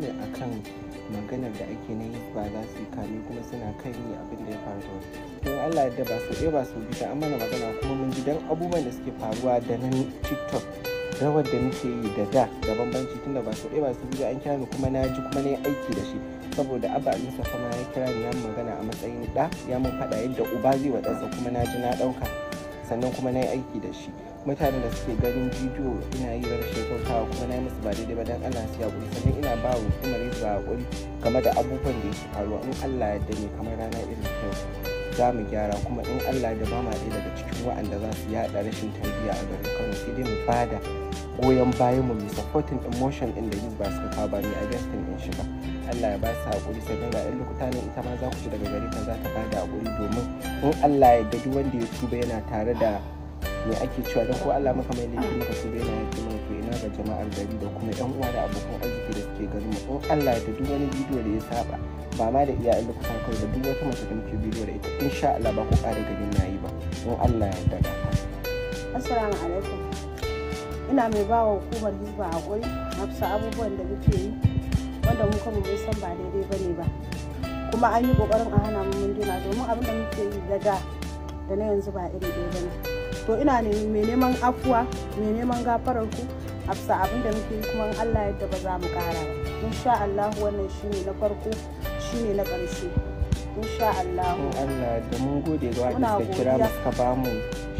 ne akan maganar da ake na ba za su yi kame kuma suna kai ni abin da ya faru da wasu don allah yadda ba su ɗaya ba su bita an mana magana kuma mun ji don abubuwan da suke faruwa da nan tiktok rawar da muke yi da da da bambanci tunda ba su ɗaya ba su biyu an kira ni kuma na ji kuma na yi aiki da shi saboda abba alisa kuma ya kira ni ya magana a matsayin ɗa ya mun faɗa yadda uba zai wa ɗansa kuma na ji na ɗauka sannan kuma na yi aiki da shi mutanen da suke ganin bidiyo ina yi rashin kuma na yi musu ba daidai ba don allah su yaƙuri sannan ina ba wa kuma yi ba haƙuri game da abubuwan da yake faruwa in allah ya dame kamar rana irin kyau za mu gyara kuma in allah ya ba ma daga cikin wa'anda za su yaɗa rashin tarbiyya a garin kano sai dai mu bada goyon bayan mu mai supporting emotion in da ba suka kawo ba a adjusting din in ba Allah ya ba su haƙuri dai ga ɗan lokuta ne ita ma za ku ci daga gari ta za ta ba da haƙuri domin in Allah ya yarda wanda ya tuba yana tare da me ake cewa don ko Allah maka mai laifin ka tuba yana yake mana to ina ga jama'ar gari da kuma yan uwa da abokan arziki da suke garin mu in Allah ya yarda duk wani bidiyo da ya saba ba ma da iya ɗan lokuta kawai da duk wata mace da muke bidiyo da ita insha Allah ba ku ƙara ganin na yi ba in Allah ya yarda. Assalamu alaikum. ina mai ba wa hukumar hizba haƙuri hafsa abubuwan da muke yi wanda mu kuma mun san ba daidai ba ne ba kuma an yi kokarin a hana mun gina domin abin da muke yi daga da na yanzu ba iri ɗaya ba ne to ina ne mai neman afuwa mai neman gafarar ku hafsa abin da muke yi kuma Allah yadda ba za mu ƙara ba insha Allah wannan shine na farko shine na ƙarshe insha Allah da mun gode ga wanda suka kira mu suka ba mu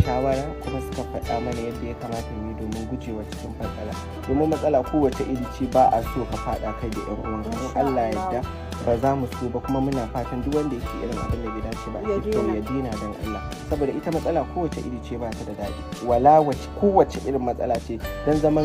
shawara kuma suka faɗa mana yadda ya kamata mu yi domin gujewa cikin matsala domin matsala kowace iri ce ba a so ka faɗa kai da ƴan uwan in Allah yadda ba za mu so ba kuma muna fatan duk wanda yake irin abin da bai dace ba ya ya dina dan Allah saboda ita matsala kowace iri ce ba ta da daɗi wala wace kowace irin matsala ce dan zaman